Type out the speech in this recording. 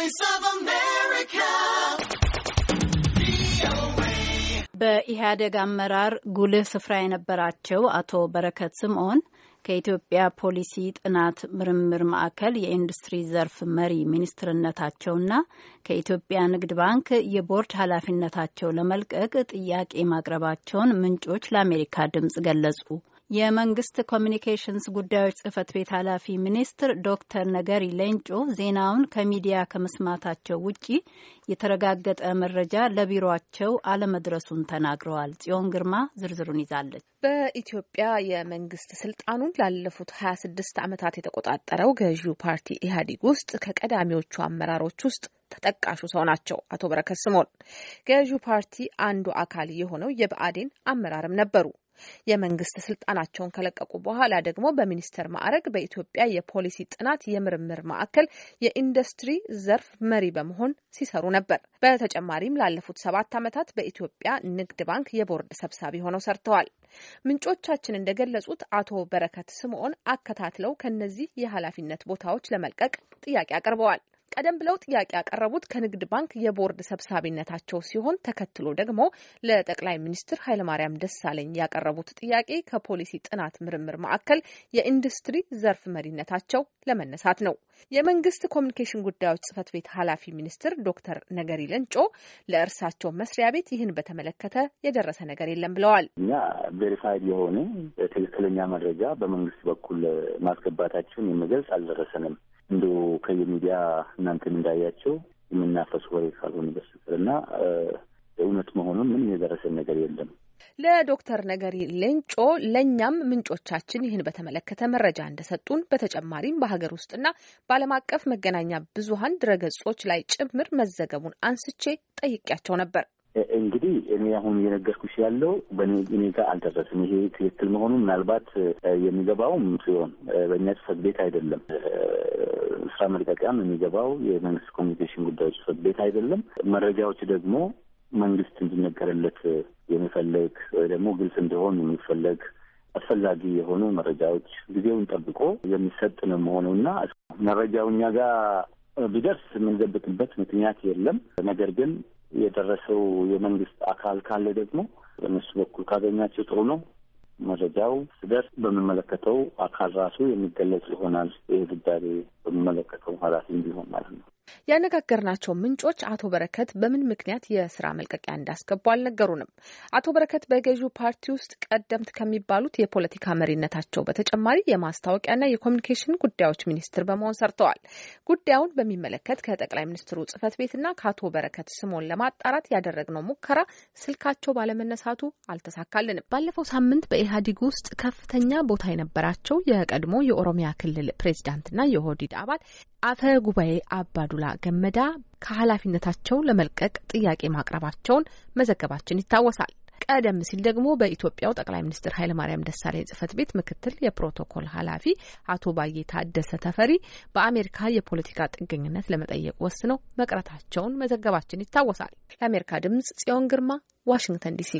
Voice of America. በኢህአደግ አመራር ጉልህ ስፍራ የነበራቸው አቶ በረከት ስምዖን ከኢትዮጵያ ፖሊሲ ጥናት ምርምር ማዕከል የኢንዱስትሪ ዘርፍ መሪ ሚኒስትርነታቸውና ከኢትዮጵያ ንግድ ባንክ የቦርድ ኃላፊነታቸው ለመልቀቅ ጥያቄ ማቅረባቸውን ምንጮች ለአሜሪካ ድምጽ ገለጹ። የመንግስት ኮሚኒኬሽንስ ጉዳዮች ጽህፈት ቤት ኃላፊ ሚኒስትር ዶክተር ነገሪ ሌንጮ ዜናውን ከሚዲያ ከመስማታቸው ውጪ የተረጋገጠ መረጃ ለቢሮቸው አለመድረሱን ተናግረዋል። ጽዮን ግርማ ዝርዝሩን ይዛለች። በኢትዮጵያ የመንግስት ስልጣኑን ላለፉት ሀያ ስድስት ዓመታት የተቆጣጠረው ገዢው ፓርቲ ኢህአዴግ ውስጥ ከቀዳሚዎቹ አመራሮች ውስጥ ተጠቃሹ ሰው ናቸው አቶ በረከት ስምኦን። ገዢው ፓርቲ አንዱ አካል የሆነው የብአዴን አመራርም ነበሩ። የመንግስት ስልጣናቸውን ከለቀቁ በኋላ ደግሞ በሚኒስትር ማዕረግ በኢትዮጵያ የፖሊሲ ጥናት የምርምር ማዕከል የኢንዱስትሪ ዘርፍ መሪ በመሆን ሲሰሩ ነበር። በተጨማሪም ላለፉት ሰባት ዓመታት በኢትዮጵያ ንግድ ባንክ የቦርድ ሰብሳቢ ሆነው ሰርተዋል። ምንጮቻችን እንደገለጹት አቶ በረከት ስምዖን አከታትለው ከነዚህ የኃላፊነት ቦታዎች ለመልቀቅ ጥያቄ አቅርበዋል። ቀደም ብለው ጥያቄ ያቀረቡት ከንግድ ባንክ የቦርድ ሰብሳቢነታቸው ሲሆን ተከትሎ ደግሞ ለጠቅላይ ሚኒስትር ኃይለማርያም ደሳለኝ ያቀረቡት ጥያቄ ከፖሊሲ ጥናት ምርምር ማዕከል የኢንዱስትሪ ዘርፍ መሪነታቸው ለመነሳት ነው። የመንግስት ኮሚኒኬሽን ጉዳዮች ጽህፈት ቤት ኃላፊ ሚኒስትር ዶክተር ነገሪ ለንጮ ለእርሳቸው መስሪያ ቤት ይህን በተመለከተ የደረሰ ነገር የለም ብለዋል። እኛ ቬሪፋይድ የሆነ ትክክለኛ መረጃ በመንግስት በኩል ማስገባታቸውን የሚገልጽ አልደረሰንም። እንዶ ከየሚዲያ እናንተን እንዳያቸው የምናፈሱ ወሬ ካልሆነ በስተቀር እና እውነት መሆኑን ምን የደረሰን ነገር የለም። ለዶክተር ነገሪ ሌንጮ ለእኛም ምንጮቻችን ይህን በተመለከተ መረጃ እንደሰጡን በተጨማሪም በሀገር ውስጥና በዓለም አቀፍ መገናኛ ብዙኃን ድረገጾች ላይ ጭምር መዘገቡን አንስቼ ጠይቄያቸው ነበር። እንግዲህ እኔ አሁን እየነገርኩሽ ያለው በእኔ ጋር አልደረስም። ይሄ ትክክል መሆኑ ምናልባት የሚገባውም ሲሆን በእኛ ጽሕፈት ቤት አይደለም። ስራ መልቀቂያም የሚገባው የመንግስት ኮሚኒኬሽን ጉዳዮች ጽሕፈት ቤት አይደለም። መረጃዎች ደግሞ መንግስት እንዲነገርለት የሚፈለግ ወይ ደግሞ ግልጽ እንዲሆን የሚፈለግ አስፈላጊ የሆኑ መረጃዎች ጊዜውን ጠብቆ የሚሰጥ ነው መሆኑ እና መረጃው እኛ ጋር ቢደርስ የምንደብቅበት ምክንያት የለም። ነገር ግን የደረሰው የመንግስት አካል ካለ ደግሞ በእነሱ በኩል ካገኛቸው ጥሩ ነው። መረጃው ስደርስ በሚመለከተው አካል ራሱ የሚገለጽ ይሆናል። ይህ ጉዳይ በሚመለከተው ኃላፊ እንዲሆን ማለት ነው። ያነጋገርናቸው ምንጮች አቶ በረከት በምን ምክንያት የስራ መልቀቂያ እንዳስገቡ አልነገሩንም። አቶ በረከት በገዢው ፓርቲ ውስጥ ቀደምት ከሚባሉት የፖለቲካ መሪነታቸው በተጨማሪ የማስታወቂያና የኮሚኒኬሽን ጉዳዮች ሚኒስትር በመሆን ሰርተዋል። ጉዳዩን በሚመለከት ከጠቅላይ ሚኒስትሩ ጽህፈት ቤትና ከአቶ በረከት ስሞን ለማጣራት ያደረግነው ሙከራ ስልካቸው ባለመነሳቱ አልተሳካልንም። ባለፈው ሳምንት በኢህአዴግ ውስጥ ከፍተኛ ቦታ የነበራቸው የቀድሞ የኦሮሚያ ክልል ፕሬዚዳንትና የሆዲ ኮሚቴ አባል አፈ ጉባኤ አባዱላ ገመዳ ከኃላፊነታቸው ለመልቀቅ ጥያቄ ማቅረባቸውን መዘገባችን ይታወሳል። ቀደም ሲል ደግሞ በኢትዮጵያው ጠቅላይ ሚኒስትር ኃይለማርያም ደሳለኝ ጽህፈት ቤት ምክትል የፕሮቶኮል ኃላፊ አቶ ባዬ ታደሰ ተፈሪ በአሜሪካ የፖለቲካ ጥገኝነት ለመጠየቅ ወስነው መቅረታቸውን መዘገባችን ይታወሳል። ለአሜሪካ ድምጽ ጽዮን ግርማ፣ ዋሽንግተን ዲሲ